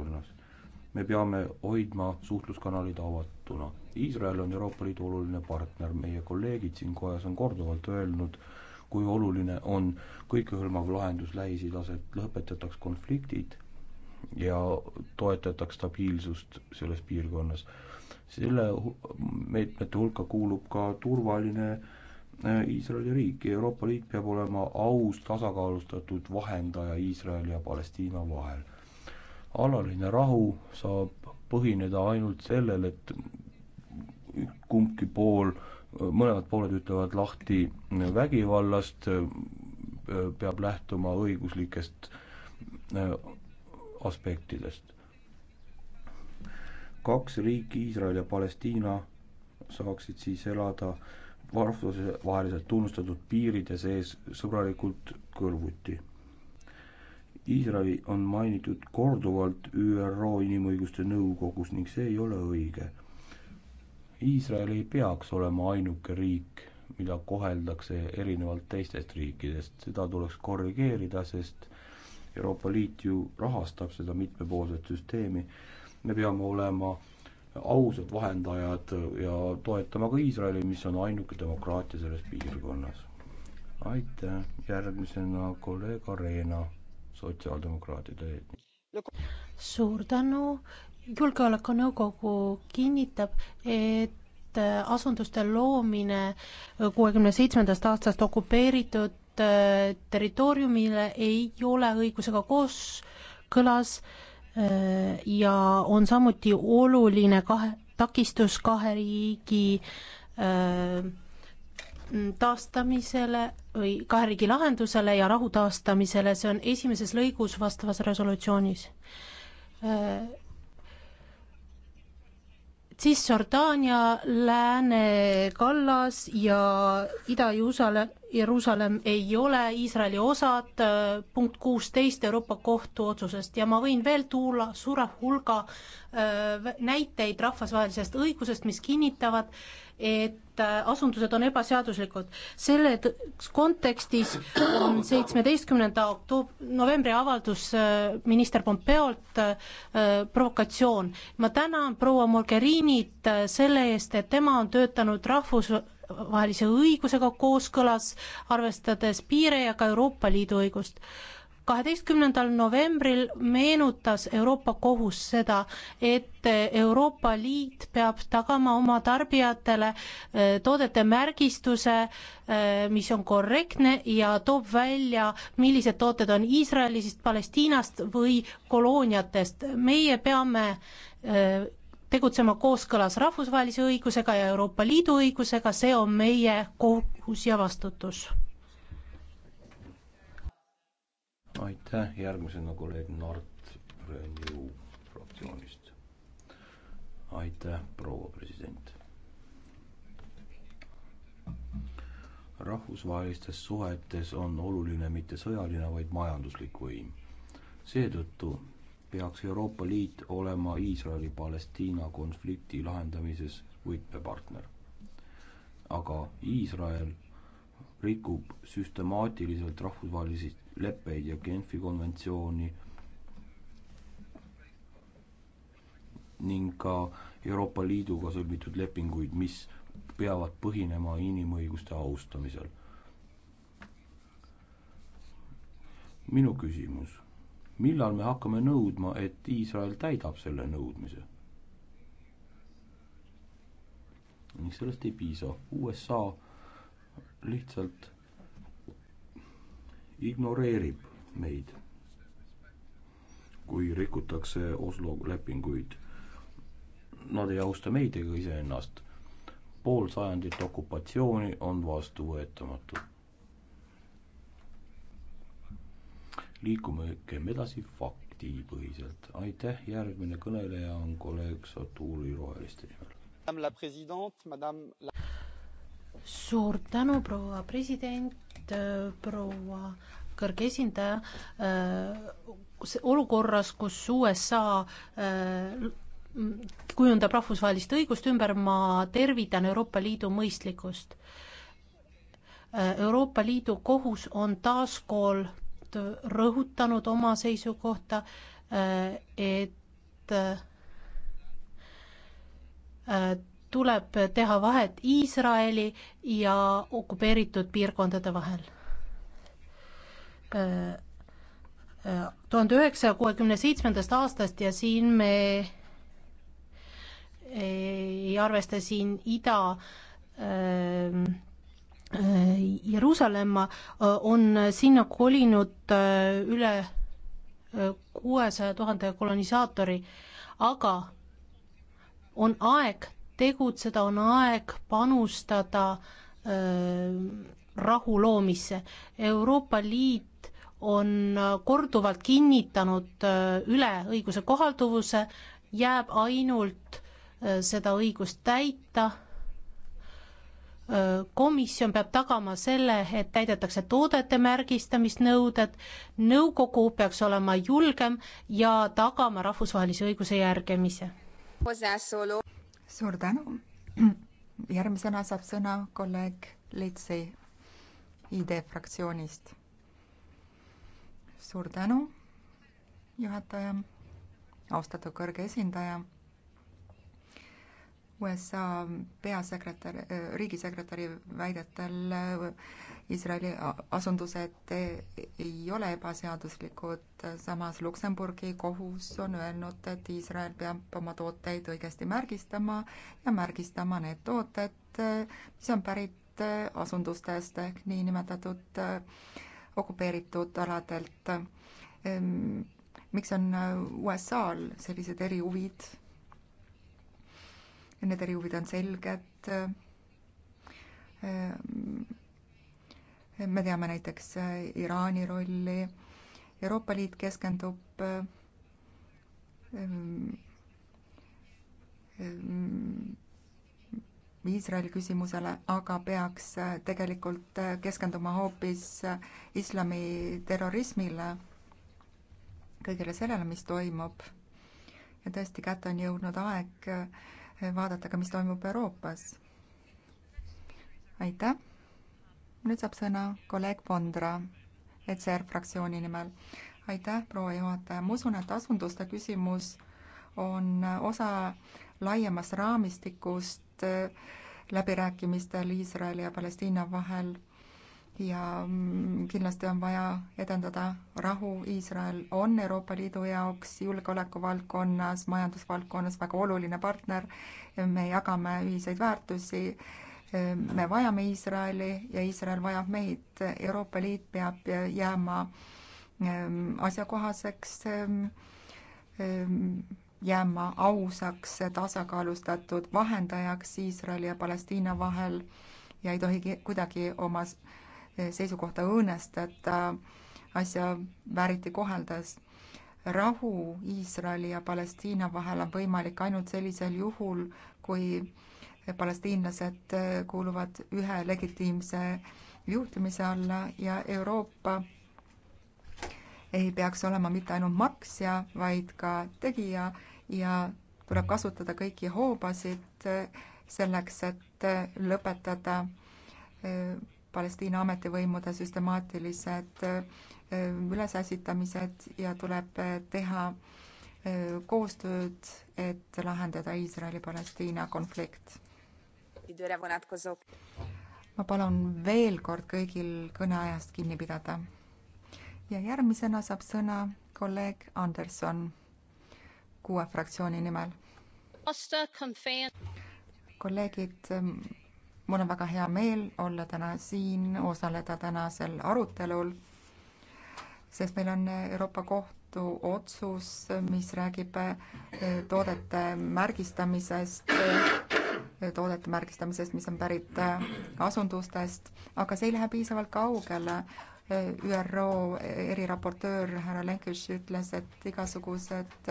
piirkonnas. me peame hoidma suhtluskanalid avatuna. Iisrael on Euroopa Liidu oluline partner, meie kolleegid siin kojas on korduvalt öelnud, kui oluline on kõikehõlmav lahendus Lähis-Idas, et lõpetataks konfliktid ja toetataks stabiilsust selles piirkonnas. selle meetmete hulka kuulub ka turvaline äh, Iisraeli riik, Euroopa Liit peab olema aus tasakaalustatud vahendaja Iisraeli ja Palestiina vahel alaline rahu saab põhineda ainult sellel, et kumbki pool, mõlemad pooled ütlevad lahti vägivallast, peab lähtuma õiguslikest äh, aspektidest. kaks riiki, Iisrael ja Palestiina, saaksid siis elada rahvusvaheliselt tunnustatud piiride sees sõbralikult kõrvuti Iisraeli on mainitud korduvalt ÜRO Inimõiguste Nõukogus ning see ei ole õige. Iisrael ei peaks olema ainuke riik, mida koheldakse erinevalt teistest riikidest, seda tuleks korrigeerida, sest Euroopa Liit ju rahastab seda mitmepoolset süsteemi. me peame olema ausad vahendajad ja toetama ka Iisraeli, mis on ainuke demokraatia selles piirkonnas. aitäh, järgmisena kolleeg Arena sotsiaaldemokraatide suur tänu, julgeolekunõukogu kinnitab, et asunduste loomine kuuekümne seitsmendast aastast okupeeritud äh, territooriumile ei ole õigusega kooskõlas äh, ja on samuti oluline kahe, takistus kahe riigi öö, äh, taastamisele või kahe riigi lahendusele ja rahu taastamisele, see on esimeses lõigus vastavas resolutsioonis. Cisjordaania, Lääne-Kallas ja Ida-Jeruusalemm, Jeruusalemm ei ole Iisraeli osad, punkt kuusteist Euroopa Kohtu otsusest ja ma võin veel tuua suure hulga äh, näiteid rahvusvahelisest õigusest, mis kinnitavad, et äh, asundused on ebaseaduslikud. selle kontekstis on seitsmeteistkümnenda oktoob-, novembri avaldus äh, minister Pompeolt äh, provokatsioon. ma tänan proua Mogherinit selle eest, et tema on töötanud rahvus, vahelise õigusega kooskõlas, arvestades piire ja ka Euroopa Liidu õigust kaheteistkümnendal novembril meenutas Euroopa Kohus seda, et Euroopa Liit peab tagama oma tarbijatele eh, toodete märgistuse, eh, mis on korrektne ja toob välja, millised tooted on Iisraelist, Palestiinast või kolooniatest. meie peame eh, tegutsema kooskõlas rahvusvahelise õigusega ja Euroopa Liidu õigusega, see on meie kohus ja vastutus aitäh, järgmisena kolleeg Nart Renew fraktsioonist. aitäh, proua president. rahvusvahelistes suhetes on oluline mitte sõjaline, vaid majanduslik võim. seetõttu peaks Euroopa Liit olema Iisraeli-Palestiina konflikti lahendamises võtmepartner. aga Iisrael rikub süstemaatiliselt rahvusvahelisi leppeid ja Genfi konventsiooni ning ka Euroopa Liiduga sõlmitud lepinguid, mis peavad põhinema inimõiguste austamisel. minu küsimus, millal me hakkame nõudma, et Iisrael täidab selle nõudmise? ning sellest ei piisa, USA lihtsalt ignoreerib meid, kui rikutakse Oslo lepinguid. Nad ei austa meid ega iseennast. pool sajandit okupatsiooni on vastuvõetamatu. liikumegem edasi faktipõhiselt. aitäh, järgmine kõneleja on kolleeg Saturi Roheliste nimel. suur tänu, proua president et äh, proua kõrge esindaja äh, olukorras, kus USA äh, kujundab rahvusvahelist õigust ümber, ma tervitan Euroopa Liidu mõistlikkust. Euroopa Liidu kohus on taas kord rõhutanud oma seisukohta, et tuleb teha vahet Iisraeli ja okupeeritud piirkondade vahel. tuhande üheksasaja kuuekümne seitsmendast aastast ja siin me ei arvesta siin ida äh, Jeruusalemma äh, on sinna kolinud äh, üle kuuesaja tuhande kolonisaatori, aga on aeg tegutseda, on aeg panustada öö, äh, rahu loomisse. Euroopa Liit on äh, korduvalt kinnitanud äh, üle õiguse kohalduvuse, jääb ainult seda õigust täita. komisjon peab tagama selle, et täidetakse toodete märgistamisnõuded, nõukogu peaks olema julgem ja tagama rahvusvahelise õiguse järgimise suur tänu. järgmisena saab sõna kolleeg Litsi ID fraktsioonist. suur tänu, juhataja, austatud kõrge esindaja USA peasekretär, riigisekretäri väidetel Iisraeli asundused ei ole ebaseaduslikud, samas Luksemburgi kohus on öelnud, et Iisrael peab oma tooteid õigesti märgistama ja märgistama need tooted, mis on pärit asundustest ehk niinimetatud okupeeritud aladelt. miks on USA-l sellised erihuvid nende riiulid on selged. me teame näiteks äh, Iraani rolli. Euroopa Liit keskendub äh, äh, Iisraeli küsimusele, aga peaks tegelikult keskenduma hoopis islami terrorismile, kõigele sellele, mis toimub. ja tõesti, kätte on jõudnud aeg vaadata ka, mis toimub Euroopas. aitäh. nüüd saab sõna kolleeg Vondra, ECR fraktsiooni nimel. aitäh, proua juhataja, ma usun, et asunduste küsimus on osa laiemast raamistikust äh, läbirääkimistel Iisraeli ja Palestiina vahel ja mm, kindlasti on vaja edendada rahu. Iisrael on Euroopa Liidu jaoks julgeolekuvaldkonnas, majandusvaldkonnas väga oluline partner. me jagame ühiseid väärtusi. me vajame Iisraeli ja Iisrael vajab meid. Euroopa Liit peab jääma ehm, asjakohaseks, ehm, ehm, jääma ausaks, tasakaalustatud vahendajaks Iisraeli ja Palestiina vahel ja ei tohi kuidagi oma seisukohta õõnestada, äh, asja vääriti koheldes. rahu Iisraeli ja Palestiina vahel on võimalik ainult sellisel juhul, kui palestiinlased äh, kuuluvad ühe legitiimse juhtimise alla ja Euroopa ei peaks olema mitte ainult maksja, vaid ka tegija ja tuleb kasutada kõiki hoobasid äh, selleks, et lõpetada Palestiina ametivõimude süstemaatilised äh, ülesässitamised ja tuleb äh, teha äh, koostööd, et lahendada Iisraeli-Palestiina konflikt. ma palun veel kord kõigil kõneajast kinni pidada. ja järgmisena saab sõna kolleeg Anderson kuue fraktsiooni nimel. kolleegid ähm, mul on väga hea meel olla täna siin, osaleda tänasel arutelul, sest meil on Euroopa Kohtu otsus, mis räägib eh, toodete märgistamisest, eh, toodete märgistamisest, mis on pärit eh, asundustest, aga see ei lähe piisavalt kaugele. ÜRO eriraportöör härra Lenküš ütles, et igasugused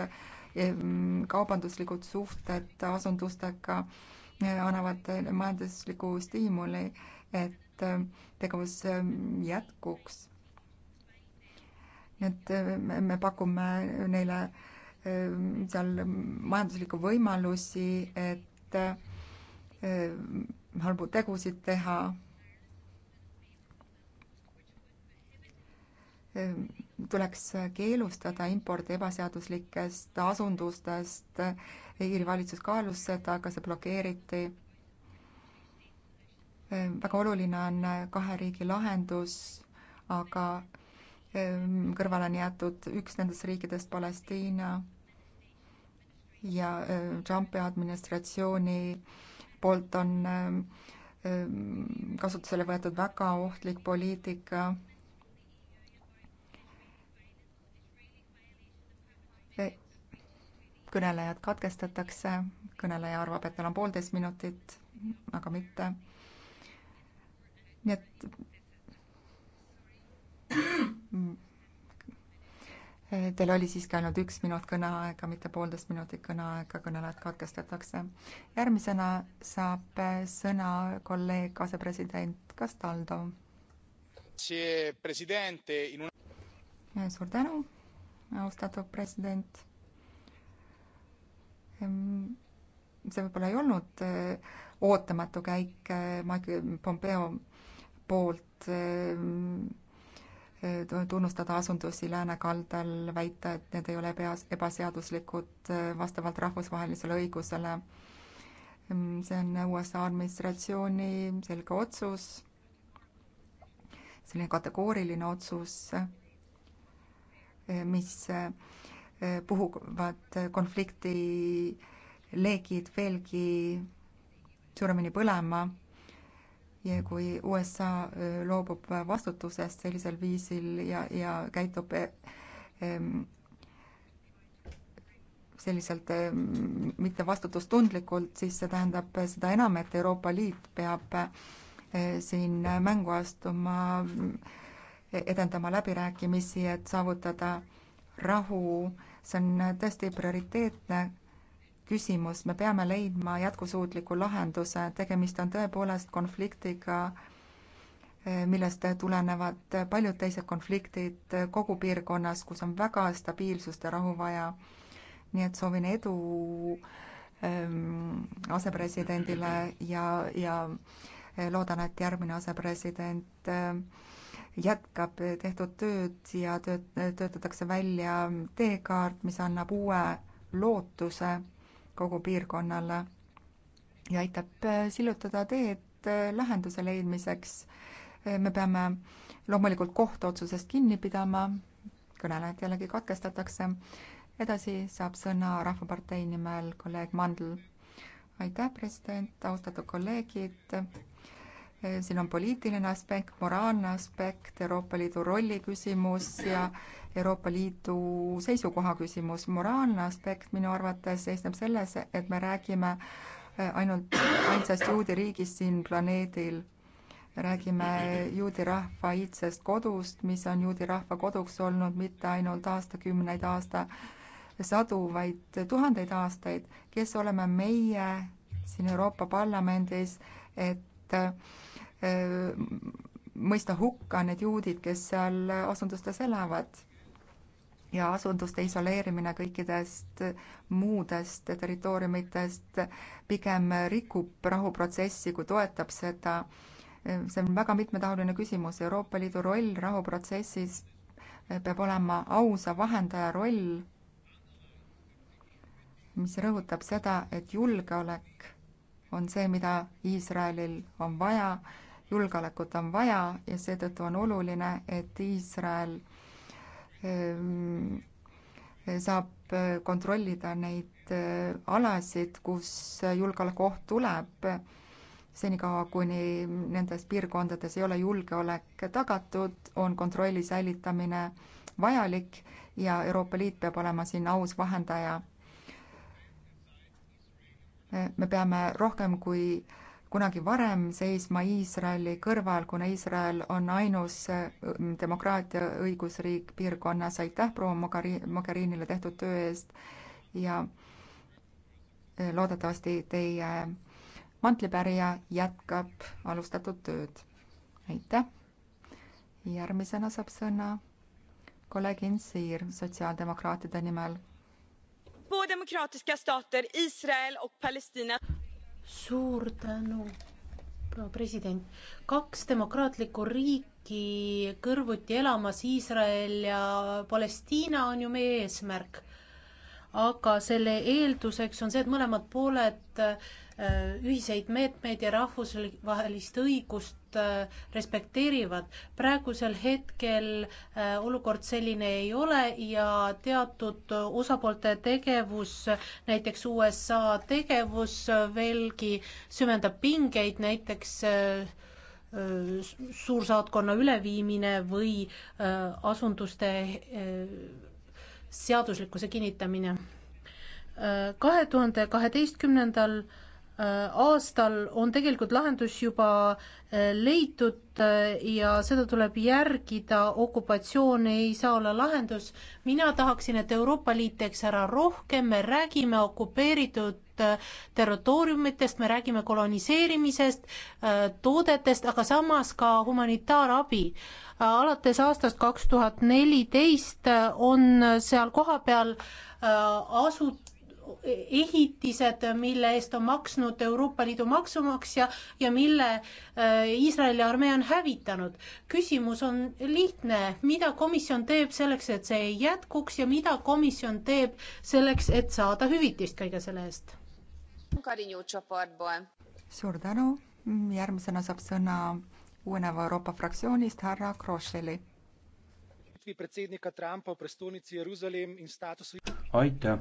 kaubanduslikud suhted asundustega äh, annavad majandusliku stiimuli, et äh, tegevus äh, jätkuks. et äh, me pakume neile seal majanduslikku võimalusi, et halbu tegusid teha tuleks keelustada import ebaseaduslikest asundustest. Iiri valitsus kaalus seda, aga see blokeeriti. väga oluline on kahe riigi lahendus, aga ehm, kõrvale on jäetud üks nendest riikidest, Palestiina ja ehm, Trumpi administratsiooni poolt on ehm, kasutusele võetud väga ohtlik poliitika kõnelejad katkestatakse, kõneleja arvab, et tal on poolteist minutit, aga mitte. nii et Teil oli siiski ainult üks minut kõneaega, mitte poolteist minutit kõneaega, kõnelejad katkestatakse. järgmisena saab sõna kolleeg asepresident Castaldo. suur tänu, austatud president see võib-olla ei olnud eh, ootamatu käik eh, Mike Pompeo poolt eh, tunnustada asundusi läänekaldal, väita, et need ei ole peas, ebaseaduslikud vastavalt rahvusvahelisele õigusele. see on USA administratsiooni selge otsus, selline kategooriline otsus, mis puhuvad konflikti leegid veelgi suuremini põlema ja kui USA loobub vastutusest sellisel viisil ja, ja käitub e, selliselt mitte vastutustundlikult, siis see tähendab seda enam, et Euroopa Liit peab e, siin mängu astuma, edendama läbirääkimisi, et saavutada rahu, see on tõesti prioriteetne küsimus, me peame leidma jätkusuutliku lahenduse, tegemist on tõepoolest konfliktiga, millest tulenevad paljud teised konfliktid kogu piirkonnas, kus on väga stabiilsust ja rahu vaja. nii et soovin edu ähm, asepresidendile ja, ja loodan, et järgmine asepresident ähm, jätkab tehtud tööd ja tööt-, töötatakse välja teekaart, mis annab uue lootuse kogu piirkonnale ja aitab äh, sillutada teed äh, lahenduse leidmiseks. Äh, me peame loomulikult kohtuotsusest kinni pidama, kõnelejad jällegi katkestatakse, edasi saab sõna Rahvapartei nimel kolleeg Mandl. aitäh, president, austatud kolleegid Eh, siin on poliitiline aspekt, moraalne aspekt, Euroopa Liidu rolli küsimus ja Euroopa Liidu seisukoha küsimus. moraalne aspekt minu arvates seisneb selles, et me räägime eh, ainult ainsast juudi riigist siin planeedil. räägime juudi rahva iidsest kodust, mis on juudi rahva koduks olnud mitte ainult aastakümneid, aastasadu, vaid tuhandeid aastaid. kes oleme meie siin Euroopa Parlamendis, et eh, Äh, mõista hukka need juudid, kes seal asundustes elavad ja asunduste isoleerimine kõikidest muudest territooriumitest pigem rikub rahuprotsessi, kui toetab seda. Äh, see on väga mitmetahuline küsimus, Euroopa Liidu roll rahuprotsessis äh, peab olema ausa vahendaja roll, mis rõhutab seda, et julgeolek on see, mida Iisraelil on vaja julgeolekut on vaja ja seetõttu on oluline, et Iisrael ehm, saab eh, kontrollida neid eh, alasid, kus julgeolekuoht tuleb, senikaua, kuni nendes piirkondades ei ole julgeolek tagatud, on kontrolli säilitamine vajalik ja Euroopa Liit peab olema siin aus vahendaja. me peame rohkem kui äh, kunagi varem seisma Iisraeli kõrval, kuna Iisrael on ainus äh, demokraatia õigusriik piirkonnas. aitäh proua Mogherinile tehtud töö eest ja äh, loodetavasti teie mantlipärija jätkab alustatud tööd. aitäh. järgmisena saab sõna kolleeg Insiir sotsiaaldemokraatide nimel suur tänu, proua president. kaks demokraatlikku riiki kõrvuti elamas, Iisrael ja Palestiina on ju meie eesmärk aga selle eelduseks on see, et mõlemad pooled äh, ühiseid meetmeid ja rahvusvahelist õigust äh, respekteerivad. praegusel hetkel äh, olukord selline ei ole ja teatud osapoolte tegevus, näiteks USA tegevus veelgi süvendab pingeid, näiteks suursaatkonna üleviimine või asunduste seaduslikkuse kinnitamine. kahe tuhande kaheteistkümnendal äh, aastal on tegelikult lahendus juba äh, leitud äh, ja seda tuleb järgida, okupatsioon ei saa olla lahendus. mina tahaksin, et Euroopa Liit teeks ära rohkem, me räägime okupeeritud Äh, territooriumitest, me räägime koloniseerimisest, äh, toodetest, aga samas ka humanitaarabi. Äh, alates aastast kaks tuhat neliteist on seal kohapeal asut-, ehitised, mille eest on maksnud Euroopa Liidu maksumaksja ja mille Iisraeli armee on hävitanud. küsimus on lihtne, mida komisjon teeb selleks, et see ei jätkuks ja mida komisjon teeb selleks, et saada hüvitist kõige selle eest? Kariņu csoportból. suur tänu, järgmisena saab sõna Uueneva Euroopa fraktsioonist härra Krosseli. aitäh.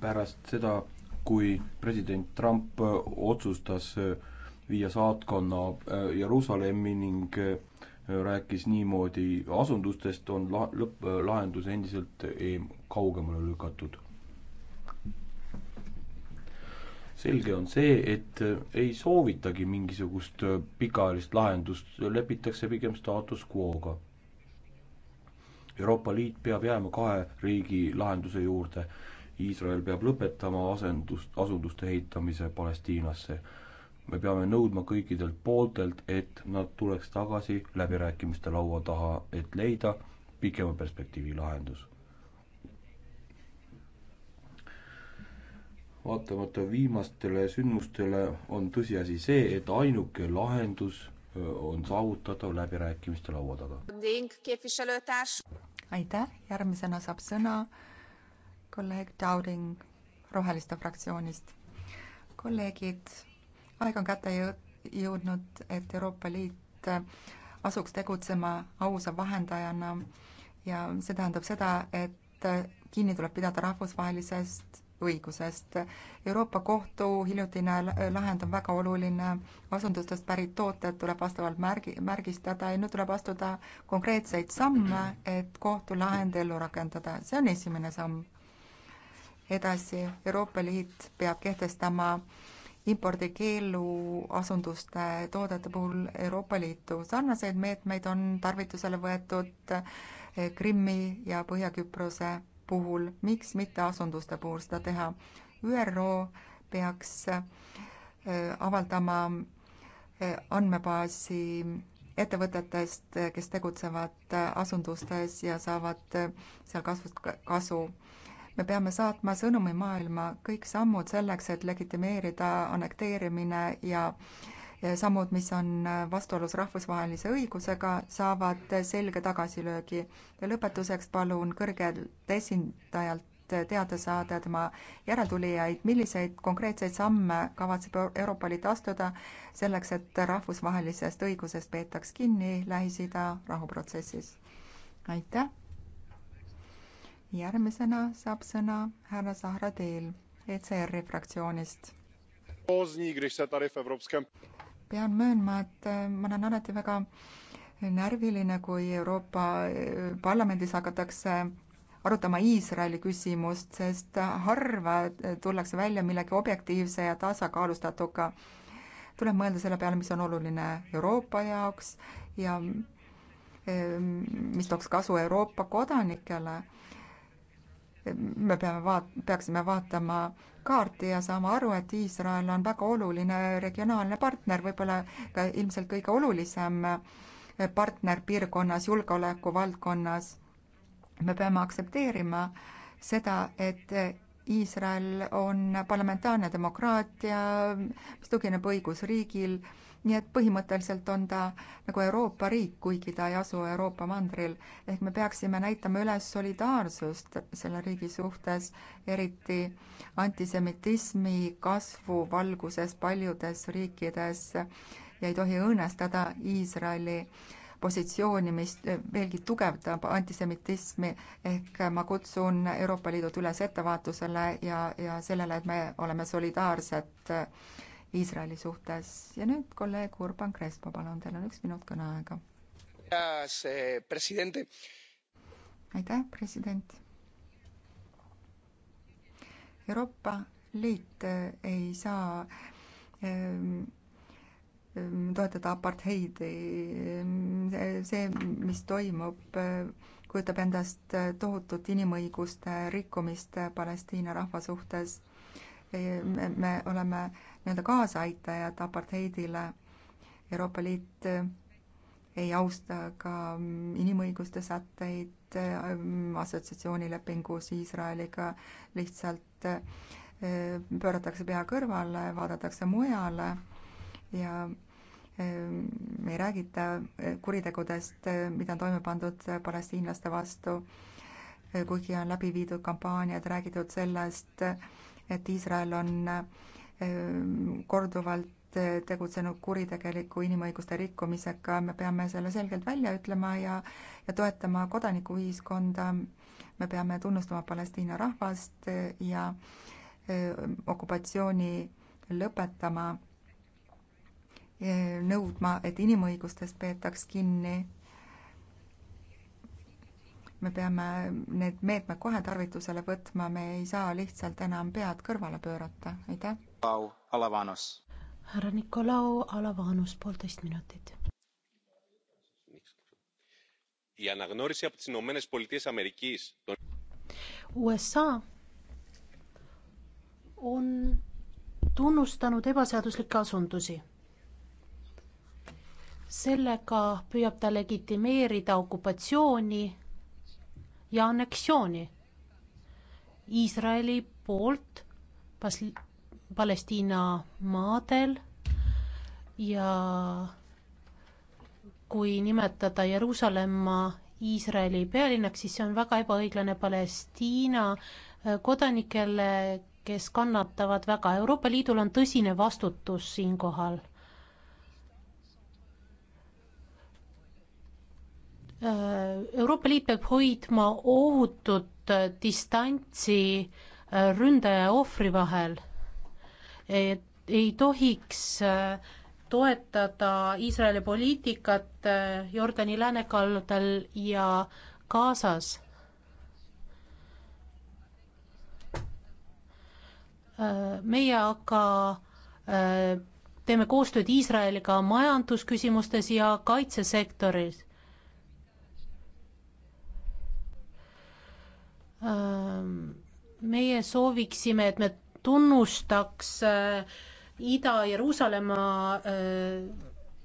pärast seda, kui president Trump otsustas viia saatkonna äh, Jeruusalemmi ning äh, rääkis niimoodi asundustest, on la-, lõpplahendus endiselt eem-, kaugemale lükatud. selge on see, et äh, ei soovitagi mingisugust äh, pikaajalist lahendust, lepitakse pigem status quo'ga. Euroopa Liit peab jääma kahe riigi lahenduse juurde. Iisrael peab lõpetama asendust, asunduste ehitamise Palestiinasse me peame nõudma kõikidelt pooltelt, et nad tuleks tagasi läbirääkimiste laua taha, et leida pikema perspektiivi lahendus. vaatamata viimastele sündmustele on tõsiasi see, et ainuke lahendus on saavutatav läbirääkimiste laua taga. aitäh, järgmisena saab sõna kolleeg Dowding Roheliste fraktsioonist. kolleegid, aeg on kätte jõudnud, et Euroopa Liit äh, asuks tegutsema ausa vahendajana ja see tähendab seda, et äh, kinni tuleb pidada rahvusvahelisest õigusest. Euroopa Kohtu hiljutine lahend on väga oluline, asundustest pärit tooted tuleb vastavalt märgi, märgistada ja nüüd tuleb astuda konkreetseid samme, et kohtulahend ellu rakendada, see on esimene samm. edasi, Euroopa Liit peab kehtestama impordikeelu asunduste toodete puhul Euroopa Liitu. sarnaseid meetmeid on tarvitusele võetud Krimmi ja Põhja-Küprose puhul, miks mitte asunduste puhul seda teha. ÜRO peaks äh, avaldama äh, andmebaasi ettevõtetest, äh, kes tegutsevad asundustes ja saavad seal kasvust kasu. me peame saatma sõnumi maailma kõik sammud selleks, et legitimeerida annekteerimine ja äh, sammud, mis on vastuolus rahvusvahelise õigusega, saavad selge tagasilöögi. ja lõpetuseks palun kõrgelt esindajalt teada saada tema järeltulijaid, milliseid konkreetseid samme kavatseb Euroopa Liit astuda selleks, et rahvusvahelisest õigusest peetaks kinni Lähis-Ida rahuprotsessis. aitäh! järgmisena saab sõna härra Zahra Teel ECR-i fraktsioonist pean möönma, et äh, ma olen alati väga närviline, kui Euroopa äh, Parlamendis hakatakse arutama Iisraeli küsimust, sest harva äh, tullakse välja millegi objektiivse ja tasakaalustatuga. tuleb mõelda selle peale, mis on oluline Euroopa jaoks ja ähm, mis tooks kasu Euroopa kodanikele me peame vaat-, peaksime vaatama kaarti ja saama aru, et Iisrael on väga oluline regionaalne partner, võib-olla ka ilmselt kõige olulisem partner piirkonnas, julgeoleku valdkonnas. me peame aktsepteerima seda, et Iisrael on parlamentaarne demokraatia, mis tugineb õigusriigil nii et põhimõtteliselt on ta nagu Euroopa riik, kuigi ta ei asu Euroopa mandril. ehk me peaksime näitama üles solidaarsust selle riigi suhtes, eriti antisemitismi kasvu valguses paljudes riikides ja ei tohi õõnestada Iisraeli positsiooni, mis veelgi tugevdab antisemitismi, ehk ma kutsun Euroopa Liidut üles ettevaatusele ja, ja sellele, et me oleme solidaarsed äh, Iisraeli suhtes ja nüüd kolleeg Urban Crespo, palun, teil on üks minut kõneaega. Eh, aitäh, president. Euroopa Liit eh, ei saa ähm, toetada apartheidi. Eh, see, mis toimub, kujutab endast tohutut inimõiguste rikkumist Palestiina rahva suhtes. me oleme nii-öelda kaasaaitajad apartheidile. Euroopa Liit ei austa ka inimõiguste sätteid assotsiatsioonilepingus Iisraeliga, lihtsalt eh, pööratakse pea kõrvale, vaadatakse mujale ja eh, ei räägita eh, kuritegudest, mida on toime pandud palestiinlaste vastu, kuigi on läbi viidud kampaaniad, räägitud sellest, et Iisrael on korduvalt tegutsenud kuritegeliku inimõiguste rikkumisega, me peame selle selgelt välja ütlema ja, ja toetama kodanikuühiskonda, me peame tunnustama Palestiina rahvast ja okupatsiooni lõpetama, nõudma, et inimõigustest peetaks kinni. me peame need meetmed kohe tarvitusele võtma, me ei saa lihtsalt enam pead kõrvale pöörata, aitäh! Pau Alavanos. härra Nikolau Alavanos, poolteist minutit. USA on tunnustanud ebaseaduslikke asundusi. sellega püüab ta legitimeerida okupatsiooni ja anneksiooni Iisraeli poolt pas-, Palestiina maadel ja kui nimetada Jeruusalemma Iisraeli pealinnaks, siis see on väga ebaõiglane Palestiina äh, kodanikele, kes kannatavad väga. Euroopa Liidul on tõsine vastutus siinkohal. Äh, Euroopa Liit peab hoidma ohutut äh, distantsi ründaja ja ohvri vahel ei tohiks äh, toetada Iisraeli poliitikat äh, Jordani läänekaldal ja Gazas. Äh, meie aga teeme koostööd Iisraeliga majandusküsimustes ja kaitsesektoris meie sooviksime, et me tunnustaks äh, Ida-Jeruusalemma äh,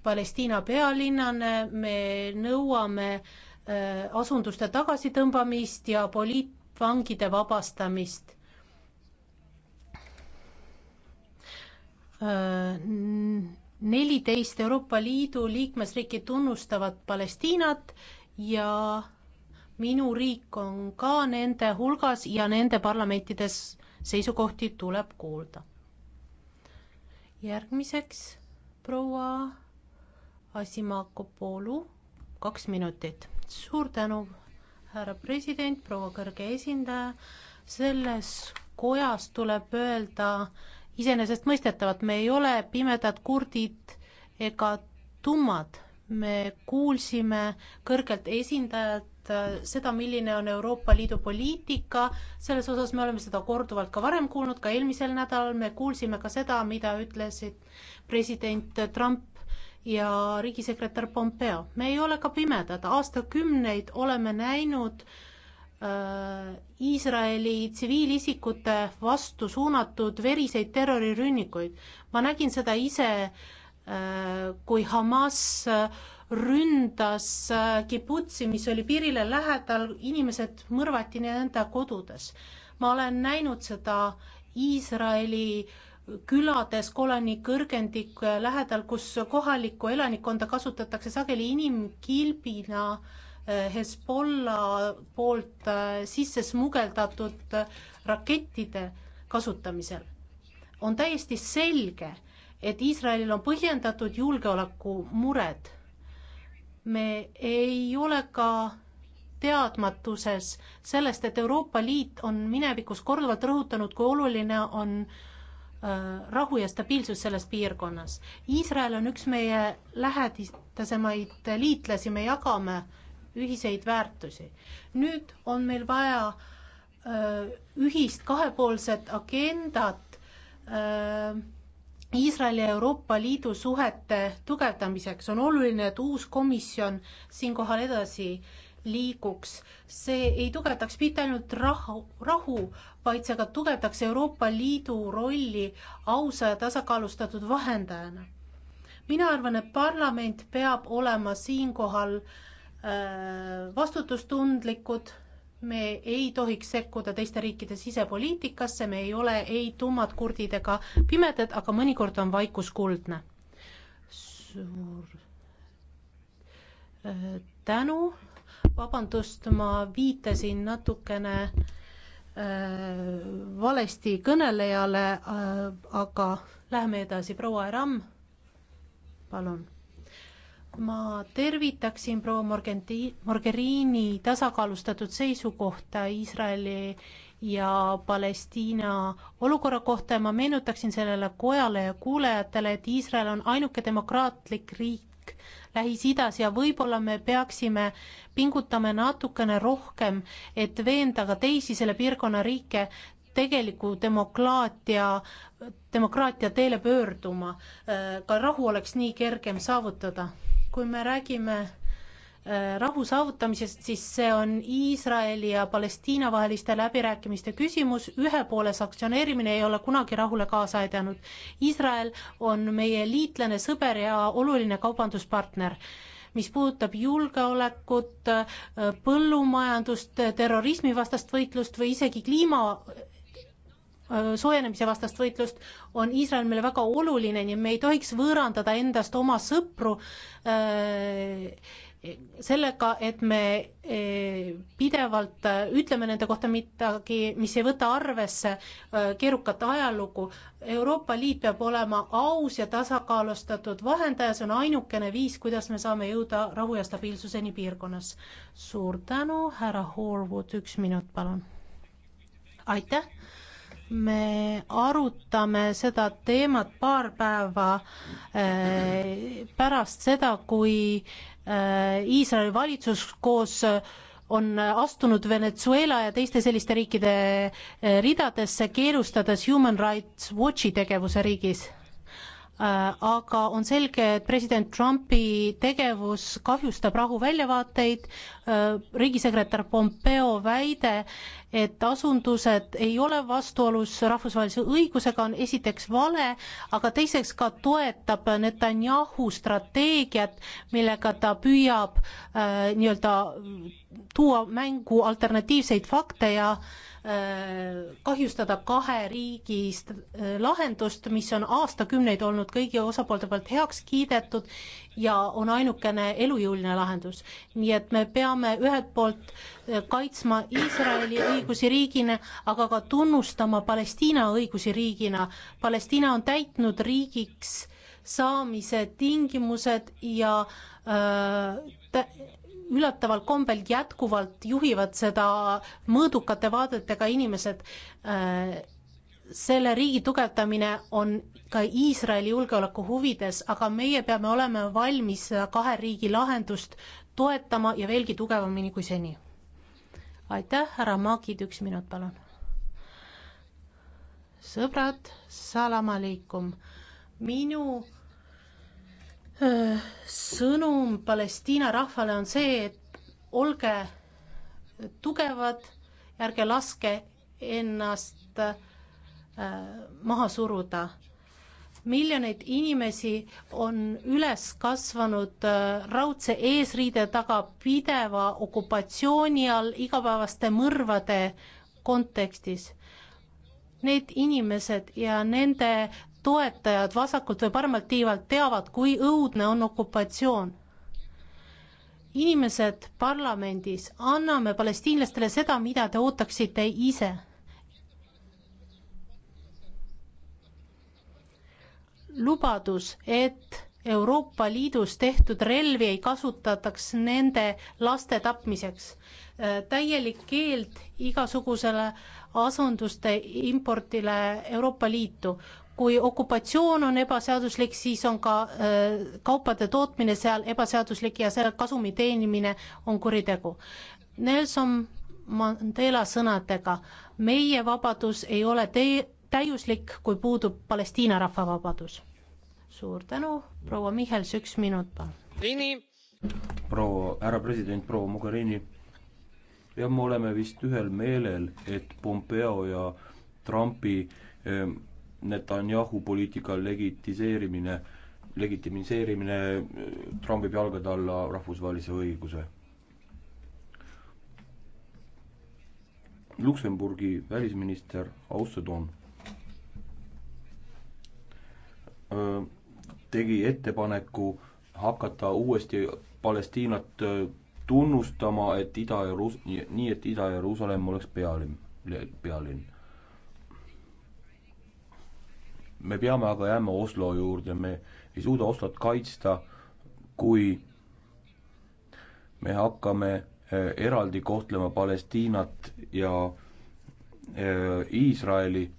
Palestiina pealinnana, me nõuame äh, asunduste tagasitõmbamist ja poliitvangide vabastamist. neliteist Euroopa Liidu liikmesriiki tunnustavad Palestiinat ja minu riik on ka nende hulgas ja nende parlamentides seisukohti tuleb kuulda. järgmiseks proua Asimakopoulu, kaks minutit. suur tänu, härra president, proua kõrge esindaja. selles kojas tuleb öelda iseenesestmõistetavat, me ei ole pimedad kurdid ega tummad. me kuulsime kõrgelt esindajalt Äh, seda, milline on Euroopa Liidu poliitika, selles osas me oleme seda korduvalt ka varem kuulnud, ka eelmisel nädalal me kuulsime ka seda, mida ütlesid president Trump ja riigisekretär Pompeo. me ei ole ka pimedad, aastakümneid oleme näinud äh, Iisraeli tsiviilisikute vastu suunatud veriseid terrorirünnikuid. ma nägin seda ise, äh, kui Hamas äh, ründas äh, kibutsi, mis oli piirile lähedal, inimesed mõrvati nende kodudes. ma olen näinud seda Iisraeli külades Golani kõrgendiku äh, lähedal, kus kohalikku elanikkonda kasutatakse sageli inimkilbina äh, Hezbollah poolt sisse smugeldatud rakettide kasutamisel. on täiesti selge, et Iisraelil on põhjendatud julgeolekumured me ei ole ka teadmatuses sellest, et Euroopa Liit on minevikus korduvalt rõhutanud, kui oluline on äh, rahu ja stabiilsus selles piirkonnas. Iisrael on üks meie lähedasemaid liitlasi, me jagame ühiseid väärtusi. nüüd on meil vaja äh, ühist kahepoolset agendat öö, äh, Iisraeli ja Euroopa Liidu suhete tugevdamiseks on oluline, et uus komisjon siinkohal edasi liiguks. see ei tugevdaks mitte ainult rahu, rahu, vaid see ka tugevdaks Euroopa Liidu rolli ausa ja tasakaalustatud vahendajana. mina arvan, et parlament peab olema siinkohal äh, vastutustundlikud me ei tohiks sekkuda teiste riikide sisepoliitikasse, me ei ole ei tummad kurdid ega pimedad, aga mõnikord on vaikus kuldne. suur äh, tänu, vabandust, ma viitasin natukene äh, valesti kõnelejale äh,, aga läheme edasi, proua Eram, palun ma tervitaksin proua Morgenti-, Morgerini tasakaalustatud seisukohta Iisraeli ja Palestiina olukorra kohta ja ma meenutaksin sellele kojale ja kuulajatele, et Iisrael on ainuke demokraatlik riik Lähis-Idas ja võib-olla me peaksime pingutama natukene rohkem, et veenda ka teisi selle piirkonna riike tegeliku demokraatia, demokraatia teele pöörduma. ka rahu oleks nii kergem saavutada kui me räägime äh, rahu saavutamisest, siis see on Iisraeli ja Palestiina vaheliste läbirääkimiste küsimus, ühe poole sanktsioneerimine ei ole kunagi rahule kaasa aidanud. Iisrael on meie liitlane, sõber ja oluline kaubanduspartner. mis puudutab julgeolekut, äh, põllumajandust, terrorismivastast võitlust või isegi kliima Äh, soojenemise vastast võitlust, on Iisrael meile väga oluline, nii et me ei tohiks võõrandada endast oma sõpru äh, sellega, et me äh, pidevalt ütleme nende kohta midagi, mis ei võta arvesse keerukat ajalugu. Euroopa Liit peab olema aus ja tasakaalustatud vahendaja, see on ainukene viis, kuidas me saame jõuda rahu ja stabiilsuseni piirkonnas. suur tänu, härra Horwood, üks minut, palun. aitäh me arutame seda teemat paar päeva eh, pärast seda, kui eh, Iisraeli valitsus koos eh, on astunud Venezuela ja teiste selliste riikide ridadesse, keelustades Human Rights Watchi tegevuse riigis Äh, aga on selge, et president Trumpi tegevus kahjustab rahu väljavaateid, äh, riigisekretär Pompeo väide, et asundused ei ole vastuolus rahvusvahelise õigusega, on esiteks vale, aga teiseks ka toetab Netanyahu strateegiat, millega ta püüab äh, nii-öelda tuua mängu alternatiivseid fakte ja äh, kahjustada kahe riigi lahendust, mis on aastakümneid olnud kõigi osapoolte poolt heaks kiidetud ja on ainukene elujõuline lahendus. nii et me peame ühelt poolt eh, kaitsma Iisraeli õigusi riigina, aga ka tunnustama Palestiina õigusi riigina. Palestiina on täitnud riigiks saamise tingimused ja öö, eh, üllataval kombel jätkuvalt juhivad seda mõõdukate vaadetega inimesed. selle riigi tugevdamine on ka Iisraeli julgeoleku huvides, aga meie peame olema valmis kahe riigi lahendust toetama ja veelgi tugevamini kui seni. aitäh, härra Maagid, üks minut, palun. sõbrad, salam aleikum. minu sõnum Palestiina rahvale on see, et olge tugevad, ärge laske ennast äh, maha suruda. miljoneid inimesi on üles kasvanud äh, raudse eesriide taga pideva okupatsiooni all igapäevaste mõrvade kontekstis need inimesed ja nende toetajad vasakult või paremalt tiivalt teavad, kui õudne on okupatsioon. inimesed parlamendis, anname palestiinlastele seda, mida te ootaksite ise. lubadus, et Euroopa Liidus tehtud relvi ei kasutataks nende laste tapmiseks. täielik keeld igasugusele asunduste impordile Euroopa Liitu kui okupatsioon on ebaseaduslik, siis on ka äh, kaupade tootmine seal ebaseaduslik ja selle kasumi teenimine on kuritegu. Nelson Mandela sõnadega meie vabadus ei ole tee-, täiuslik, kui puudub Palestiina rahva vabadus. suur tänu, proua Michals, üks minut, palun. proua, härra president, proua Mogherini, jah, me oleme vist ühel meelel, et Pompeo ja Trumpi ähm, Netanyahu poliitika legitiseerimine, legitimiseerimine eh, trambib jalgade alla rahvusvahelise õiguse. Luksemburgi välisminister Aussedon eh, tegi ettepaneku hakata uuesti Palestiinat eh, tunnustama, et Ida-Jeruus-, nii et Ida-Jeruusalemm oleks pealinn, pealinn me peame aga jääma Oslo juurde, me ei suuda Oslot kaitsta, kui me hakkame eh, eraldi kohtlema Palestiinat ja eh, Iisraeli.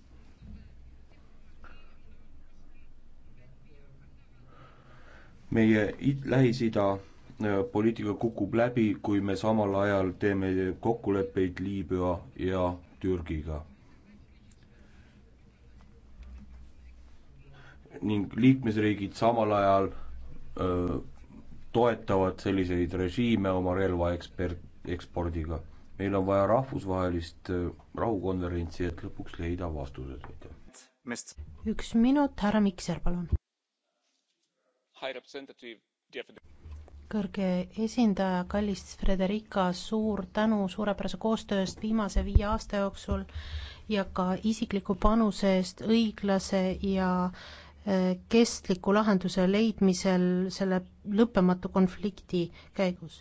meie Lähis-Ida eh, poliitika kukub läbi, kui me samal ajal teeme kokkuleppeid Liibüa ja Türgiga ning liikmesriigid samal ajal öö, toetavad selliseid režiime oma relva ekspert, ekspordiga. meil on vaja rahvusvahelist rahukonverentsi, et lõpuks leida vastused, aitäh. üks minut, härra Mikser, palun. kõrge esindaja, kallis Frederica, suur tänu suurepärase koostöö eest viimase viie aasta jooksul ja ka isikliku panuse eest õiglase ja äh, Eh, kestliku lahenduse leidmisel selle lõppematu konflikti käigus.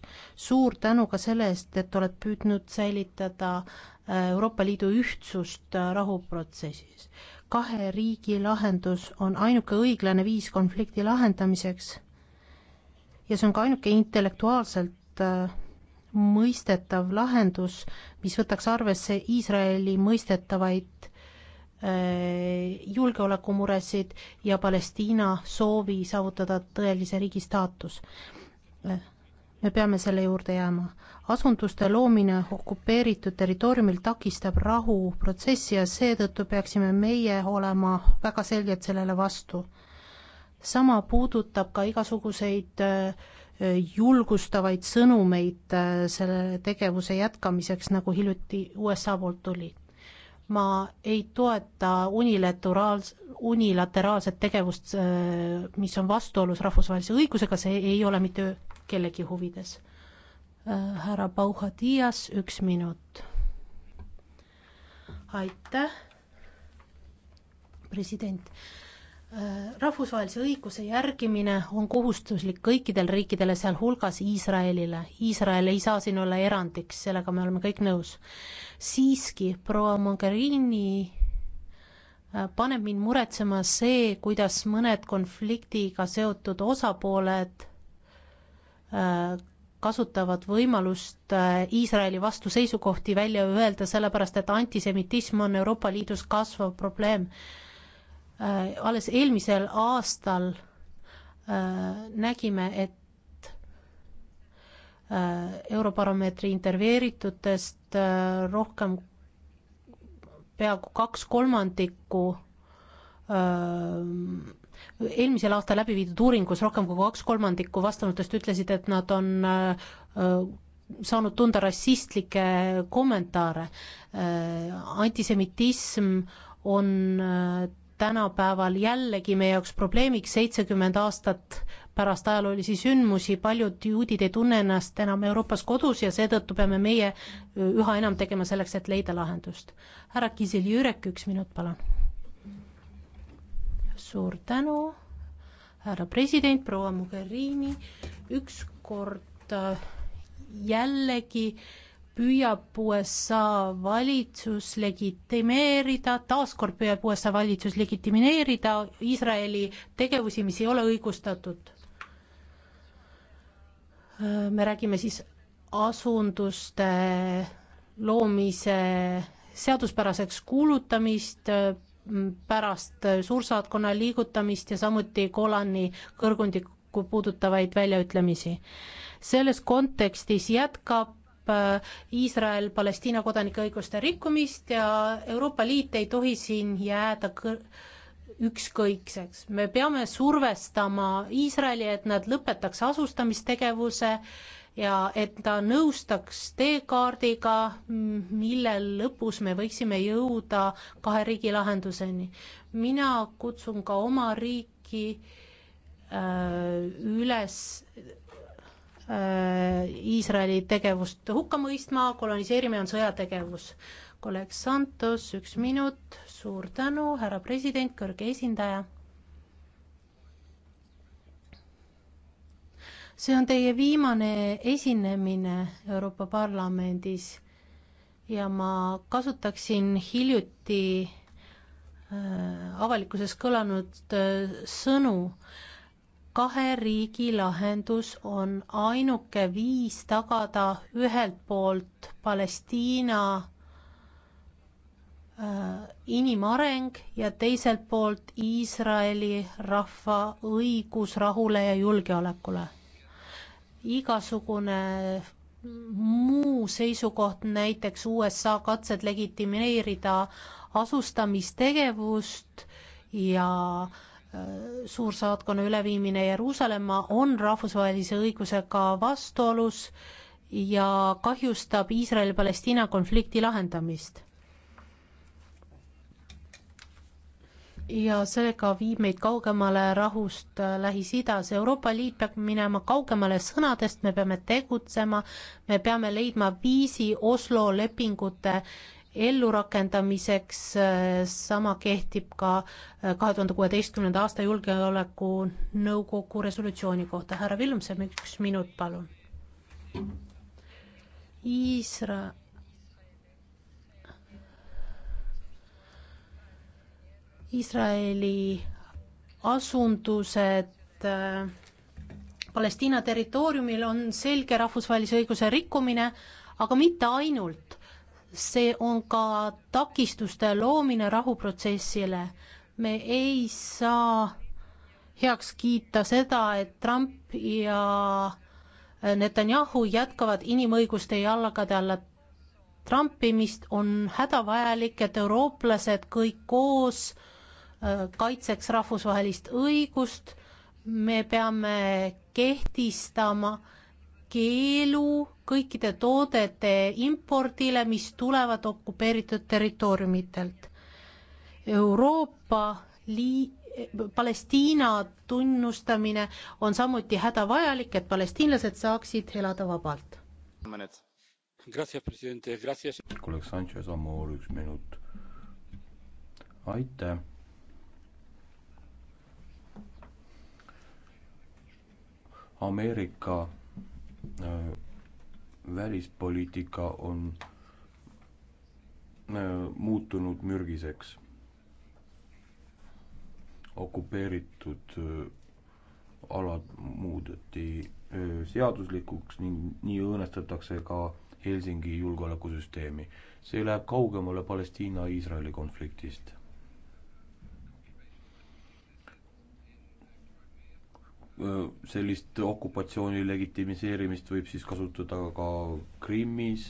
suur tänu ka selle eest, et oled püüdnud säilitada eh, Euroopa Liidu ühtsust eh, rahuprotsessis. kahe riigi lahendus on ainuke õiglane viis konflikti lahendamiseks ja see on ka ainuke intellektuaalselt mõistetav lahendus, mis võtaks arvesse Iisraeli mõistetavaid Äh, julgeolekumuresid ja Palestiina soovi saavutada tõelise riigi staatus. me peame selle juurde jääma. asunduste loomine okupeeritud territooriumil takistab rahuprotsessi ja seetõttu peaksime meie olema väga selgelt sellele vastu. sama puudutab ka igasuguseid äh, julgustavaid sõnumeid äh, selle tegevuse jätkamiseks, nagu hiljuti USA poolt tuli ma ei toeta unilateraals-, unilateraalset tegevust, äh, mis on vastuolus rahvusvahelise õigusega, see ei ole mitte kellegi huvides. Äh, härra Pauhadias, üks minut. aitäh, president Äh, rahvusvahelise õiguse järgimine on kohustuslik kõikidel riikidele, sealhulgas Iisraelile. Iisrael ei saa siin olla erandiks, sellega me oleme kõik nõus. siiski proua Mogherini äh, paneb mind muretsema see, kuidas mõned konfliktiga seotud osapooled äh, kasutavad võimalust Iisraeli vastu seisukohti välja öelda, sellepärast et antisemitism on Euroopa Liidus kasvav probleem Äh, alles eelmisel aastal äh, nägime, et äh, Eurobaromeetri intervjueeritutest rohkem, peaaegu kaks kolmandikku eelmisel aastal läbi viidud uuringus rohkem kui kaks kolmandikku vastanutest ütlesid, et nad on saanud tunda rassistlikke kommentaare. antisemitism on tänapäeval jällegi meie jaoks probleemiks, seitsekümmend aastat pärast ajaloolisi sündmusi paljud juudid ei tunne ennast enam Euroopas kodus ja seetõttu peame meie üha enam tegema selleks, et leida lahendust. härra Kisil-Jürek, üks minut, palun. suur tänu, härra president, proua Mogherini, üks kord äh, jällegi äh, püüab USA valitsus legitimeerida, taaskord püüab USA valitsus legitimeerida Iisraeli tegevusi, mis ei ole õigustatud. me räägime siis asunduste loomise seaduspäraseks kuulutamist, pärast suursaatkonna liigutamist ja samuti Golani kõrgundikku puudutavaid väljaütlemisi. selles kontekstis jätkab Äh, Iisrael Palestiina kodanike õiguste rikkumist ja Euroopa Liit ei tohi siin jääda kõ-, ükskõikseks. me peame survestama Iisraeli, et nad lõpetaks asustamistegevuse ja et ta nõustaks teekaardiga, mille lõpus me võiksime jõuda kahe riigi lahenduseni. mina kutsun ka oma riiki öö, äh, üles Äh, Iisraeli tegevust hukka mõistma, koloniseerimine on sõjategevus. kolleeg Santos, üks minut, suur tänu, härra president, kõrge esindaja. see on teie viimane esinemine Euroopa Parlamendis ja ma kasutaksin hiljuti äh, avalikkuses kõlanud äh, sõnu äh,, kahe riigi lahendus on ainuke viis tagada ühelt poolt Palestiina äh, inimareng ja teiselt poolt Iisraeli rahva õigus rahule ja julgeolekule. igasugune muu seisukoht, näiteks USA katsed legitimeerida asustamistegevust ja äh, suursaatkonna üleviimine Jeruusalemma on rahvusvahelise õigusega vastuolus ja kahjustab Iisraeli-Palestiina konflikti lahendamist. ja sellega viib meid kaugemale rahust Lähis-Idas. Euroopa Liit peab minema kaugemale sõnadest, me peame tegutsema, me peame leidma viisi Oslo lepingute ellurakendamiseks, äh, sama kehtib ka äh, kahe tuhande kuueteistkümnenda aasta Julgeolekunõukogu resolutsiooni kohta. härra Villumsen, üks minut, palun. Iisra-. Iisraeli asundused äh, Palestiina territooriumil on selge rahvusvahelise õiguse rikkumine, aga mitte ainult see on ka takistuste loomine rahuprotsessile. me ei saa heaks kiita seda, et Trump ja Netanyahu jätkavad inimõiguste jalgade alla trampimist, on hädavajalik, et eurooplased kõik koos äh, kaitseks rahvusvahelist õigust, me peame kehtistama äh, keelu kõikide toodete impordile, mis tulevad okupeeritud territooriumitelt. Euroopa Liit Palestiina tunnustamine on samuti hädavajalik, et palestiinlased saaksid elada vabalt. kuule, Sanchez Amor, üks minut. aitäh. Ameerika Äh, välispoliitika on äh, muutunud mürgiseks. okupeeritud äh, alad muudeti seaduslikuks ning nii õõnestatakse ka Helsingi julgeolekusüsteemi. see läheb kaugemale Palestiina-Iisraeli konfliktist sellist okupatsiooni legitimiseerimist võib siis kasutada ka Krimmis,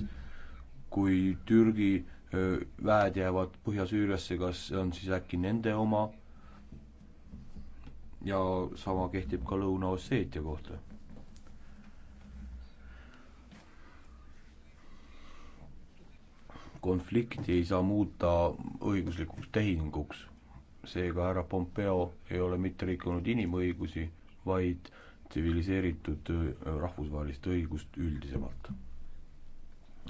kui Türgi väed jäävad Põhja-Süüriasse, kas see on siis äkki nende oma? ja sama kehtib ka Lõuna-Osseetia kohta. konflikti ei saa muuta õiguslikuks tehinguks, seega härra Pompeo ei ole mitte rikkunud inimõigusi vaid tsiviliseeritud äh, rahvusvahelist õigust üldisemalt.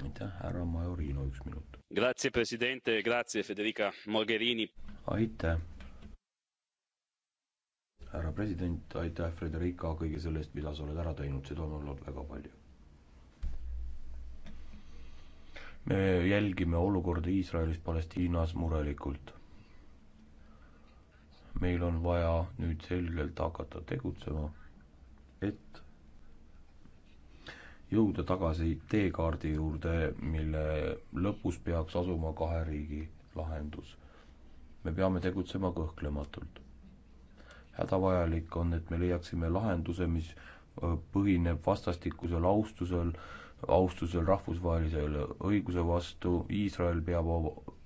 aitäh, härra Majorino, üks minut. Grazie, president, grazie, Federica Mogherini. aitäh. härra president, aitäh, Federica, kõige selle eest, mida sa oled ära teinud, seda on olnud väga palju. me jälgime olukorda Iisraelis, Palestiinas murelikult meil on vaja nüüd selgelt hakata tegutsema, et jõuda tagasi teekaardi juurde, mille lõpus peaks asuma kahe riigi lahendus. me peame tegutsema kõhklematult. hädavajalik on, et me leiaksime lahenduse, mis äh, põhineb vastastikusel austusel, austusel rahvusvahelisele õiguse vastu, Iisrael peab,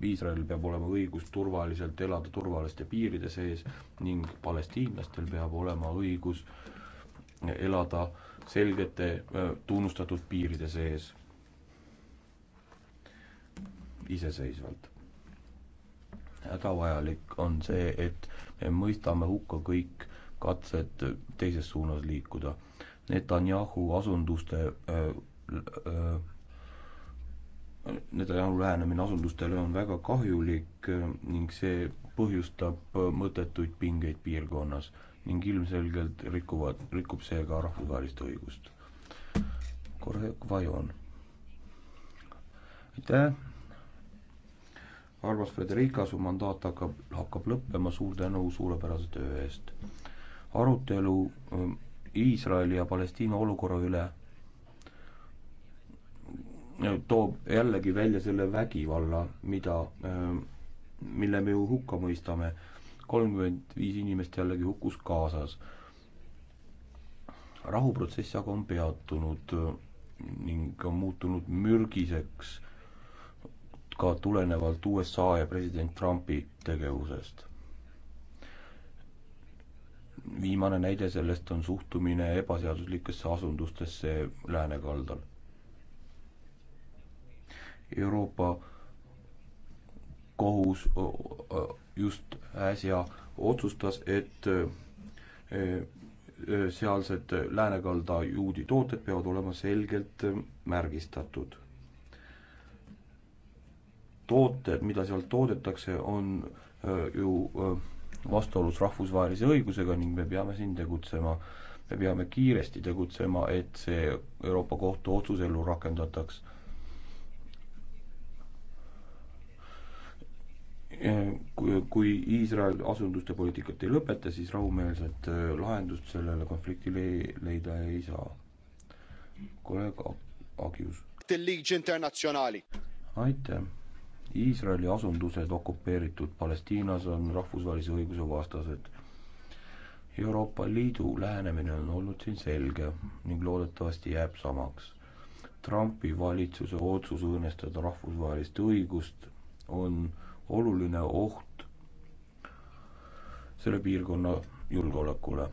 Iisraelil peab olema õigus turvaliselt elada turvaliste piiride sees ning palestiinlastel peab olema õigus elada selgete tunnustatud piiride sees iseseisvalt. hädavajalik on see, et me mõistame hukka kõik katsed teises suunas liikuda. Netanyahu asunduste öö, Äh, äh, nende lähenemine asundustele on väga kahjulik äh, ning see põhjustab mõttetuid pingeid piirkonnas ning ilmselgelt rikuvad, rikub see ka rahvusvahelist õigust. korre Vajon. aitäh. armas Federica, su mandaat hakkab, hakkab lõppema, suur tänu suurepärase töö eest. arutelu Iisraeli ja Palestiina olukorra üle toob jällegi välja selle vägivalla, mida, äh, mille me ju hukka mõistame. kolmkümmend viis inimest jällegi hukkus Gazas. rahuprotsess aga on peatunud äh, ning on muutunud mürgiseks ka tulenevalt USA ja president Trumpi tegevusest. viimane näide sellest on suhtumine ebaseaduslikesse asundustesse läänekaldal Euroopa kohus just äsja otsustas, et sealsed läänekalda juudi tooted peavad olema selgelt märgistatud. tooted, mida seal toodetakse, on ju vastuolus rahvusvahelise õigusega ning me peame siin tegutsema. me peame kiiresti tegutsema, et see Euroopa Kohtu otsus ellu rakendataks kui Iisrael asunduste poliitikat ei lõpeta, siis rahumeelset äh, lahendust sellele konfliktile leida ei saa. kolleeg Agius. aitäh. Iisraeli asundused okupeeritud Palestiinas on rahvusvahelise õiguse vastased. Euroopa Liidu lähenemine on olnud siin selge ning loodetavasti jääb samaks. Trumpi valitsuse otsus õõnestada rahvusvahelist õigust on oluline oht selle piirkonna julgeolekule.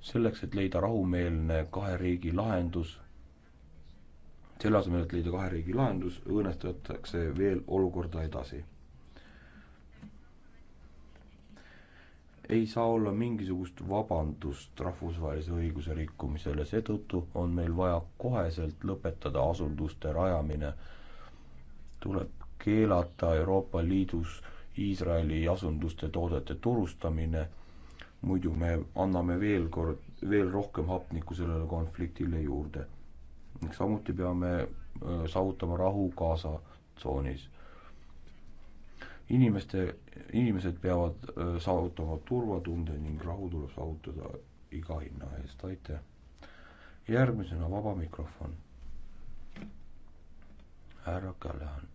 selleks, et leida rahumeelne kahe riigi lahendus, selle asemel, et leida kahe riigi lahendus, õõnestatakse veel olukorda edasi. ei saa olla mingisugust vabandust rahvusvahelise õiguse rikkumisele, seetõttu on meil vaja koheselt lõpetada asunduste rajamine tuleb keelata Euroopa Liidus Iisraeli asunduste toodete turustamine, muidu me anname veel kord, veel rohkem hapnikku sellele konfliktile juurde. samuti peame saavutama rahu Gaza tsoonis. inimeste, inimesed peavad saavutama turvatunde ning rahu tuleb saavutada iga hinna eest, aitäh! järgmisena vaba mikrofon härra Callahan.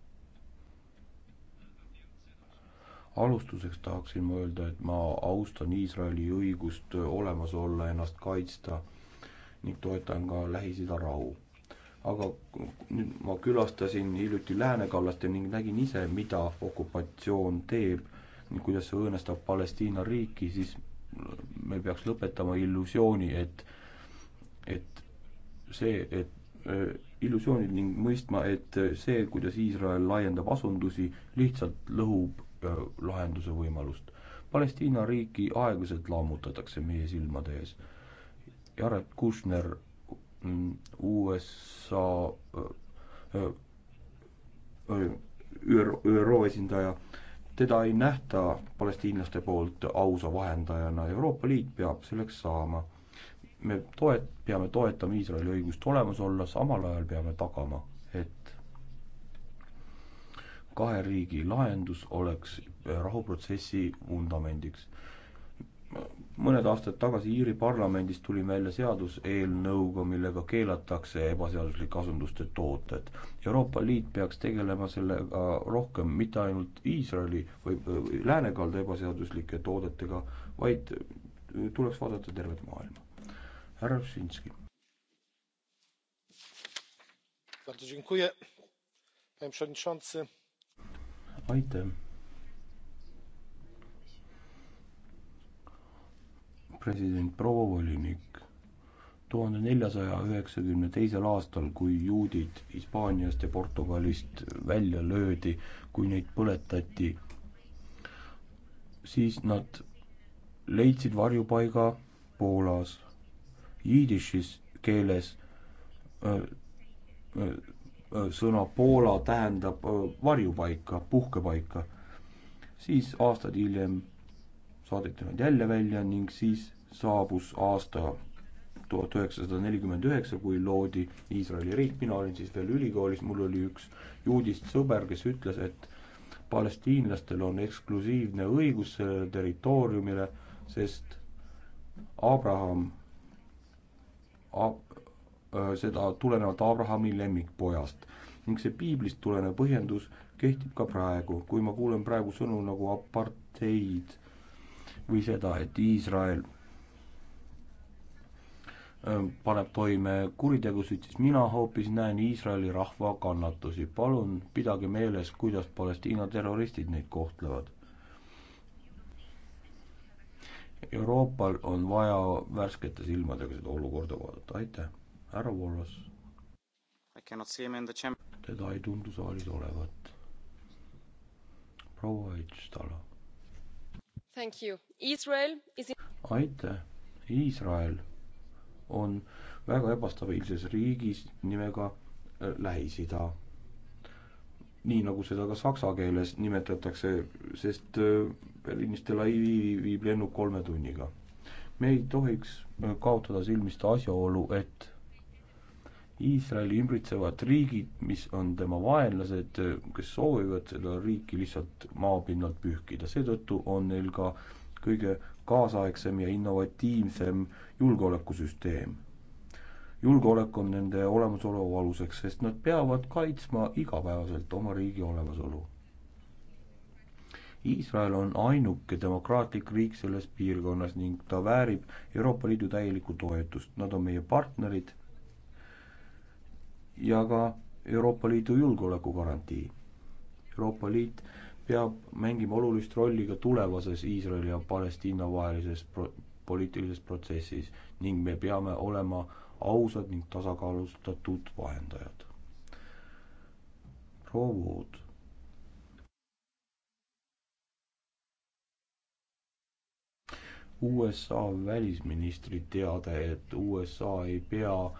alustuseks tahaksin ma öelda, et ma austan Iisraeli õigust olemas olla, ennast kaitsta ning toetan ka Lähis-Ida rahu. aga nüüd ma külastasin hiljuti läänekallaste ning nägin ise, mida okupatsioon teeb ning kuidas see õõnestab Palestiina riiki, siis me peaks lõpetama illusiooni, et, et see, et Äh, illusioonid ning mõistma, et äh, see, kuidas Iisrael laiendab asundusi, lihtsalt lõhub äh, lahenduse võimalust. Palestiina riiki aeglaselt lammutatakse meie silmade ees. Jared Kushner, mm, USA ÜRO, ÜRO esindaja, teda ei nähta palestiinlaste poolt ausa vahendajana, Euroopa Liit peab selleks saama me toet-, peame toetama Iisraeli õigust olemas olla, samal ajal peame tagama, et kahe riigi lahendus oleks rahuprotsessi vundamendiks. mõned aastad tagasi Iiri parlamendis tuli välja seaduseelnõuga, millega keelatakse ebaseaduslike asunduste tooted. Euroopa Liit peaks tegelema sellega rohkem, mitte ainult Iisraeli või läänekalda ebaseaduslike toodetega, vaid tuleks vaadata tervet maailma härra Ossinovski. aitäh. president, proua volinik tuhande neljasaja üheksakümne teisel aastal, kui juudid Hispaaniast ja Portugalist välja löödi, kui neid põletati, siis nad leidsid varjupaiga Poolas jiidishis keeles äh, äh, äh, sõna Poola tähendab varjupaika, puhkepaika. siis aastaid hiljem saadeti nad jälle välja ning siis saabus aasta tuhat üheksasada nelikümmend üheksa, kui loodi Iisraeli riik, mina olin siis veel ülikoolis, mul oli üks juudist sõber, kes ütles, et palestiinlastel on eksklusiivne õigus sellele territooriumile, sest Abraham Äh, seda tulenevalt Abrahami lemmikpojast. ning see piiblist tulenev põhjendus kehtib ka praegu, kui ma kuulen praegu sõnu nagu apartheid või seda, et Iisrael äh, paneb toime kuritegusid, siis mina hoopis näen Iisraeli rahva kannatusi. palun pidage meeles, kuidas Palestiina terroristid neid kohtlevad. Euroopal on vaja värskete silmadega seda olukorda vaadata, aitäh, härra Wallace. teda ei tundu saalis olevat. proua Edstala. aitäh, Iisrael on väga ebastabiilses riigis nimega äh, Lähis-Ida. nii nagu seda ka saksa keeles nimetatakse, sest äh, Berliinist Tel Avivi viib lennuk kolme tunniga. me ei tohiks äh, kaotada silmist asjaolu, et Iisraeli ümbritsevad riigid, mis on tema vaenlased, äh, kes soovivad seda riiki lihtsalt maapinnalt pühkida, seetõttu on neil ka kõige kaasaegsem ja innovatiivsem julgeolekusüsteem. julgeolek on nende olemasolu aluseks, sest nad peavad kaitsma igapäevaselt oma riigi olemasolu Iisrael on ainuke demokraatlik riik selles piirkonnas ning ta väärib Euroopa Liidu täielikku toetust. Nad on meie partnerid ja ka Euroopa Liidu julgeoleku garantii. Euroopa Liit peab mängima olulist rolli ka tulevases Iisraeli ja Palestiina vahelises pro-, poliitilises protsessis ning me peame olema ausad ning tasakaalustatud vahendajad. proua Wood USA välisministri teade, et USA ei pea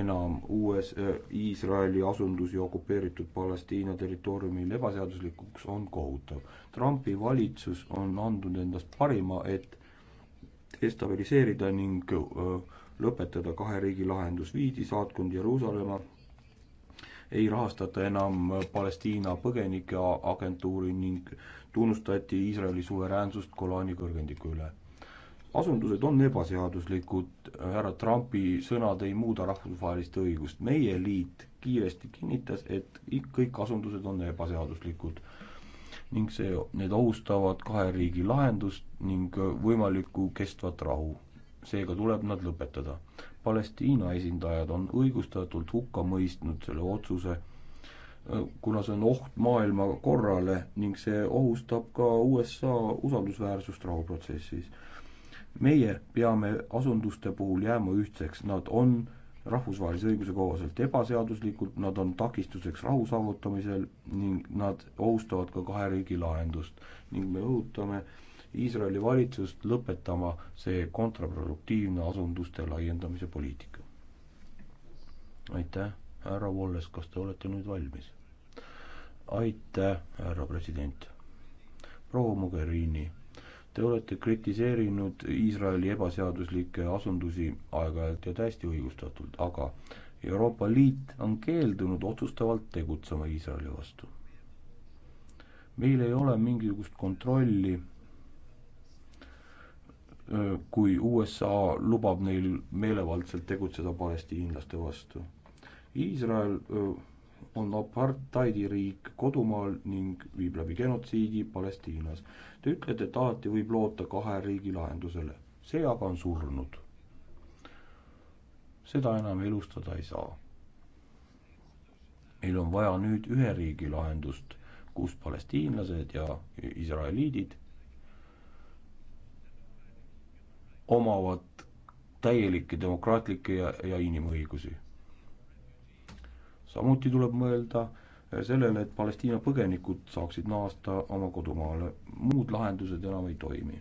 enam US äh,, Iisraeli asundusi okupeeritud Palestiina territooriumil ebaseaduslikuks, on kohutav. Trumpi valitsus on andnud endast parima, et destabiliseerida ning öö, äh, lõpetada kahe riigi lahendus, viidi saatkond Jeruusalemma, ei rahastata enam äh, Palestiina põgenike agentuuri ning tunnustati Iisraeli suveräänsust Golani kõrgendiku üle asundused on ebaseaduslikud, härra Trumpi sõnad ei muuda rahvusvahelist õigust, meie liit kiiresti kinnitas, et kõik asundused on ebaseaduslikud. ning see, need ohustavad kahe riigi lahendust ning võimalikku kestvat rahu. seega tuleb nad lõpetada. Palestiina esindajad on õigustatult hukka mõistnud selle otsuse, kuna see on oht maailma korrale ning see ohustab ka USA usaldusväärsust rahuprotsessis meie peame asunduste puhul jääma ühtseks, nad on rahvusvahelise õiguse kohaselt ebaseaduslikud, nad on takistuseks rahu saavutamisel ning nad ohustavad ka kahe riigi lahendust ning me õhutame Iisraeli valitsust lõpetama see kontraproduktiivne asunduste laiendamise poliitika. aitäh, härra Wallace, kas te olete nüüd valmis? aitäh, härra president. proua Mogherini Te olete kritiseerinud Iisraeli ebaseaduslikke asundusi aeg-ajalt ja täiesti õigustatult, aga Euroopa Liit on keeldunud otsustavalt tegutsema Iisraeli vastu. meil ei ole mingisugust kontrolli, kui USA lubab neil meelevaldselt tegutseda palestiinlaste vastu. Iisrael öö, on apartheidiriik kodumaal ning viib läbi genotsiidi Palestiinas. Te ütlete, et alati võib loota kahe riigi lahendusele, see aga on surnud. seda enam elustada ei saa. meil on vaja nüüd ühe riigi lahendust, kus palestiinlased ja israeliidid omavad täielikke demokraatlikke ja, ja inimõigusi samuti tuleb mõelda eh, sellele, et Palestiina põgenikud saaksid naasta oma kodumaale, muud lahendused enam ei toimi.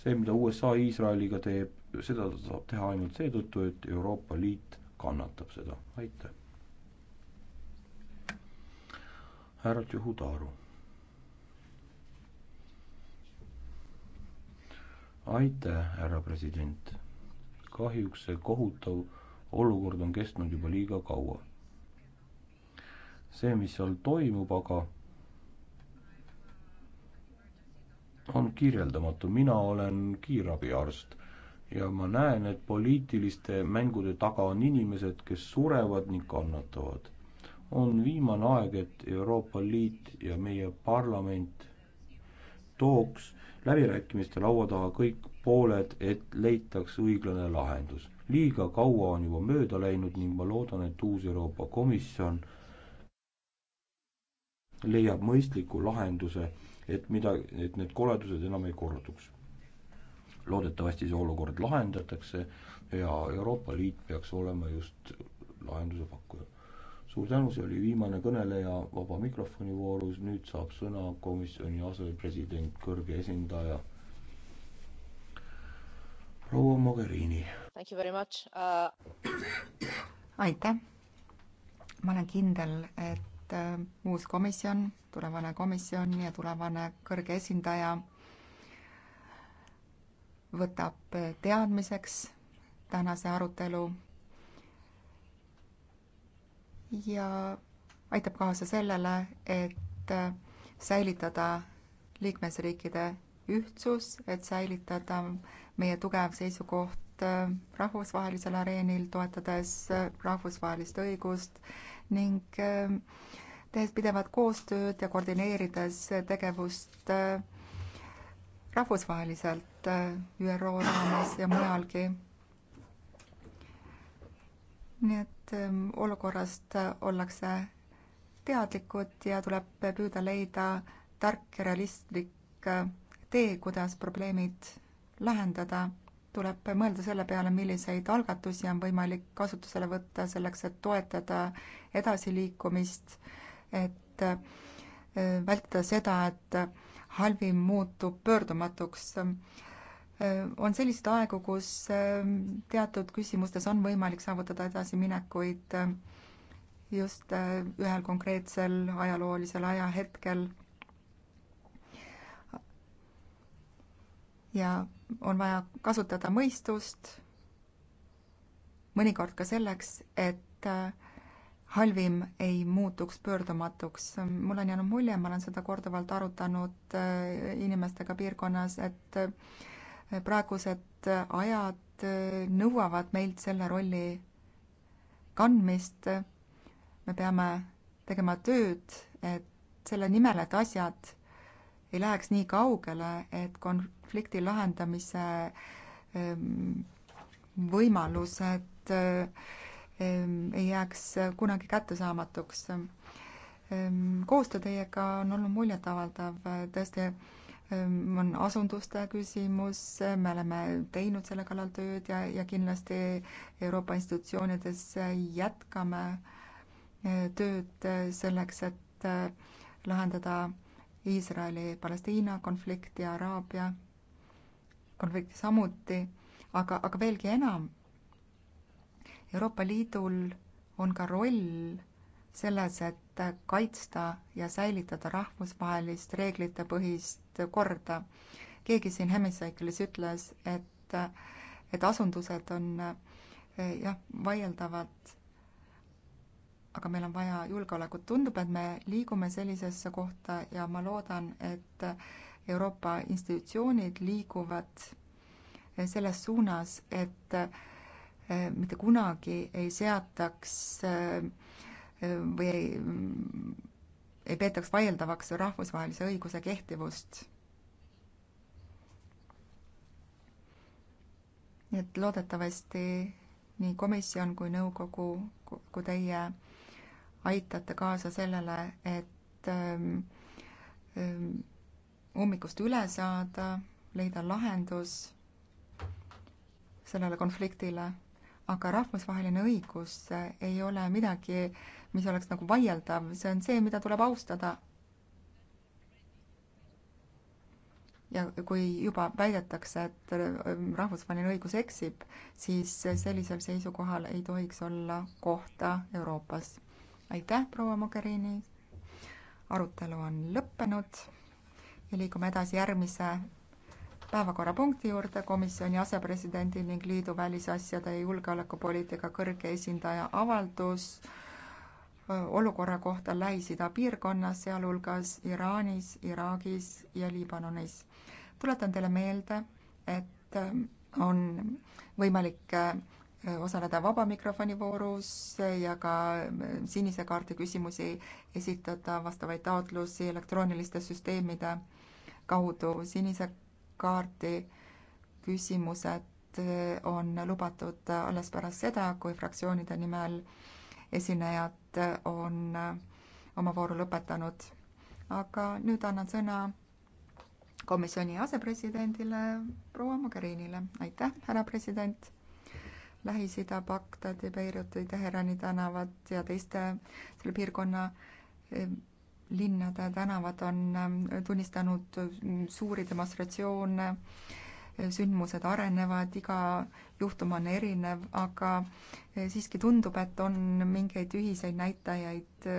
see, mida USA Iisraeliga teeb, seda saab teha ainult seetõttu, et Euroopa Liit kannatab seda, aitäh. härra Tšuhutaru. aitäh, härra president. kahjuks see kohutav olukord on kestnud juba liiga kaua see, mis seal toimub, aga on kirjeldamatu, mina olen kiirabiarst ja ma näen, et poliitiliste mängude taga on inimesed, kes surevad ning kannatavad. on viimane aeg, et Euroopa Liit ja meie parlament tooks läbirääkimiste laua taha kõik pooled, et leitaks õiglane lahendus. liiga kaua on juba mööda läinud ning ma loodan, et uus Euroopa Komisjon leiab mõistliku lahenduse, et mida, et need koledused enam ei korduks. loodetavasti see olukord lahendatakse ja Euroopa Liit peaks olema just lahenduse pakkuja. suur tänu, see oli viimane kõneleja vaba mikrofoni voorus, nüüd saab sõna komisjoni asepresident, kõrge esindaja proua Mogherini. Uh... aitäh ma olen kindel, et et äh, uus komisjon, tulevane komisjon ja tulevane kõrge esindaja võtab teadmiseks tänase arutelu ja aitab kaasa sellele, et äh, säilitada liikmesriikide ühtsus, et säilitada meie tugev seisukoht äh, rahvusvahelisel areenil, toetades rahvusvahelist õigust ning ähm, tehes pidevat koostööd ja koordineerides tegevust äh, rahvusvaheliselt äh, ÜRO raames ja mujalgi. nii et ähm, olukorrast äh, ollakse teadlikud ja tuleb püüda leida tark ja realistlik tee, kuidas probleemid lahendada tuleb mõelda selle peale, milliseid algatusi on võimalik kasutusele võtta selleks, et toetada edasiliikumist, et äh, vältida seda, et halvim muutub pöördumatuks. Äh, on selliseid aegu, kus äh, teatud küsimustes on võimalik saavutada edasiminekuid just ühel konkreetsel ajaloolisel ajahetkel. ja on vaja kasutada mõistust, mõnikord ka selleks, et äh, halvim ei muutuks pöördumatuks. mul on jäänud mulje, ma olen seda korduvalt arutanud äh, inimestega piirkonnas, et äh, praegused ajad nõuavad meilt selle rolli kandmist. me peame tegema tööd, et selle nimel, et asjad ei läheks nii kaugele, et konflikti lahendamise ehm, võimalused ehm, ei jääks kunagi kättesaamatuks. Ehm, koostöö teiega on olnud muljetavaldav, tõesti on asunduste küsimus, me oleme teinud selle kallal tööd ja, ja kindlasti Euroopa institutsioonides jätkame eh, tööd selleks, et eh, lahendada Iisraeli-Palestiina konflikt ja Araabia konflikt samuti, aga, aga veelgi enam, Euroopa Liidul on ka roll selles, et kaitsta ja säilitada rahvusvahelist reeglitepõhist korda. keegi siin Hemicycle'is ütles, et, et asundused on jah, vaieldavad aga meil on vaja julgeolekut. tundub, et me liigume sellisesse kohta ja ma loodan, et Euroopa institutsioonid liiguvad selles suunas, et eh, mitte kunagi ei seataks eh, või ei, ei peetaks vaieldavaks rahvusvahelise õiguse kehtivust. nii et loodetavasti nii komisjon kui nõukogu kui teie aitate kaasa sellele, et ähm, ähm, ummikust üle saada, leida lahendus sellele konfliktile, aga rahvusvaheline õigus ei ole midagi, mis oleks nagu vaieldav, see on see, mida tuleb austada. ja kui juba väidetakse, et ähm, rahvusvaheline õigus eksib, siis sellisel seisukohal ei tohiks olla kohta Euroopas aitäh, proua Mogherini. arutelu on lõppenud ja liigume edasi järgmise päevakorrapunkti juurde komisjoni asepresidendi ning liidu välisasjade ja julgeolekupoliitika kõrge esindaja avaldus olukorra kohta Lähis-Ida piirkonnas, sealhulgas Iraanis, Iraagis ja Liibanonis. tuletan teile meelde, et on võimalik osaleda vaba mikrofoni voorus ja ka sinise kaardi küsimusi esitada, vastavaid taotlusi elektrooniliste süsteemide kaudu. sinise kaardi küsimused on lubatud alles pärast seda, kui fraktsioonide nimel esinejad on oma vooru lõpetanud. aga nüüd annan sõna komisjoni asepresidendile proua Mogherinile. aitäh, härra president Lähis-Ida, Bagdadi, Beiruti, Teherani tänavad ja teiste selle piirkonna ehm, linnade tänavad on ehm, tunnistanud mm, suuri demonstratsioone, ehm, sündmused arenevad, iga juhtum on erinev, aga siiski tundub, et on mingeid ühiseid näitajaid,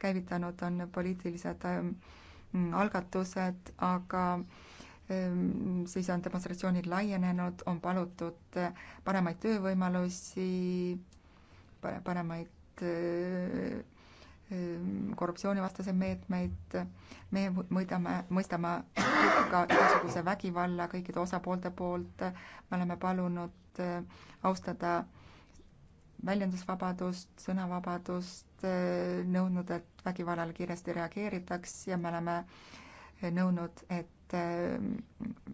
käivitanud on poliitilised algatused, aga Ehm, siis on demonstratsioonid laienenud, on palutud eh, paremaid töövõimalusi, paremaid eh, ehm, korruptsioonivastaseid meetmeid, me mõõdame, mõistame hukka igasuguse vägivalla kõikide osapoolte poolt, me oleme palunud eh, austada väljendusvabadust, sõnavabadust, nõudnud, et vägivallale kiiresti reageeritaks ja me oleme äh, nõudnud, et äh,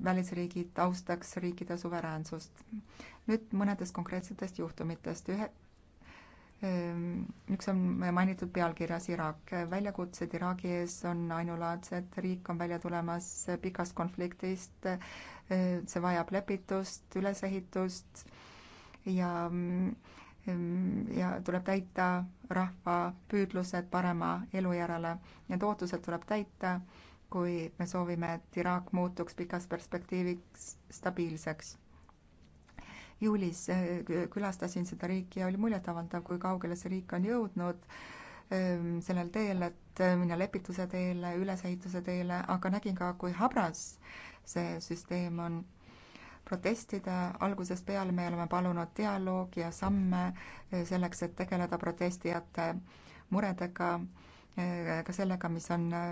välisriigid austaks riikide suveräänsust. nüüd mõnedest konkreetsetest juhtumitest. ühe, ähm, üks on mainitud pealkirjas Iraak. väljakutsed Iraagi ees on ainulaadsed, riik on välja tulemas pikast konfliktist, äh, see vajab lepitust, ülesehitust ja ähm, ja tuleb täita rahva püüdlused parema elu järele. Need ootused tuleb täita kui me soovime, et Iraak muutuks pikas perspektiiviks stabiilseks. juulis eh, külastasin seda riiki ja oli muljetavaldav, kui kaugele see riik on jõudnud ehm, sellel teel, et eh, minna lepituse teele, ülesehituse teele, aga nägin ka, kui habras see süsteem on. protestide algusest peale me oleme palunud dialoogi ja samme eh, selleks, et tegeleda protestijate muredega, ka sellega, mis on äh,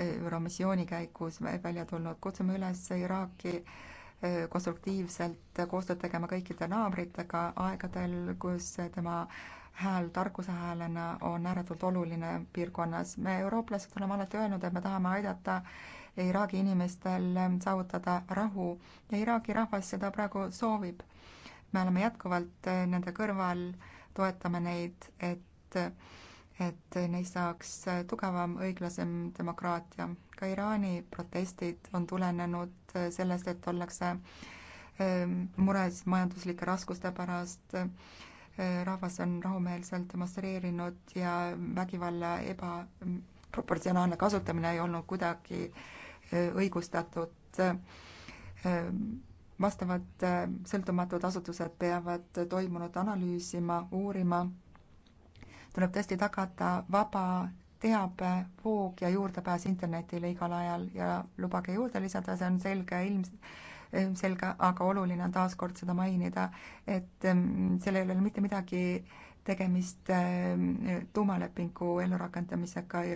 ÜRO missiooni käigus välja tulnud. kutsume üles Iraaki e, konstruktiivselt koostööd tegema kõikide naabritega aegadel, kus tema hääl tarkuse häälena on ääretult oluline piirkonnas. me, eurooplased, oleme alati öelnud, et me tahame aidata Iraagi inimestel saavutada rahu ja Iraagi rahvas seda praegu soovib. me oleme jätkuvalt e, nende kõrval, toetame neid, et et neist saaks tugevam, õiglasem demokraatia. ka Iraani protestid on tulenenud sellest, et ollakse ähm, mures majanduslike raskuste pärast, äh, rahvas on rahumeelselt demonstreerinud ja vägivalla ebaproportsionaalne kasutamine ei olnud kuidagi äh, õigustatud ähm, vastavad äh, sõltumatud asutused peavad toimunut analüüsima, uurima tuleb tõesti tagada vaba teabevoog ja juurdepääs internetile igal ajal ja lubage juurde lisada, see on selge ilms-, selge, aga oluline on taaskord seda mainida, et mm, sellel ei ole mitte midagi tegemist mm, tuumalepingu ellurakendamisega Iraaniga.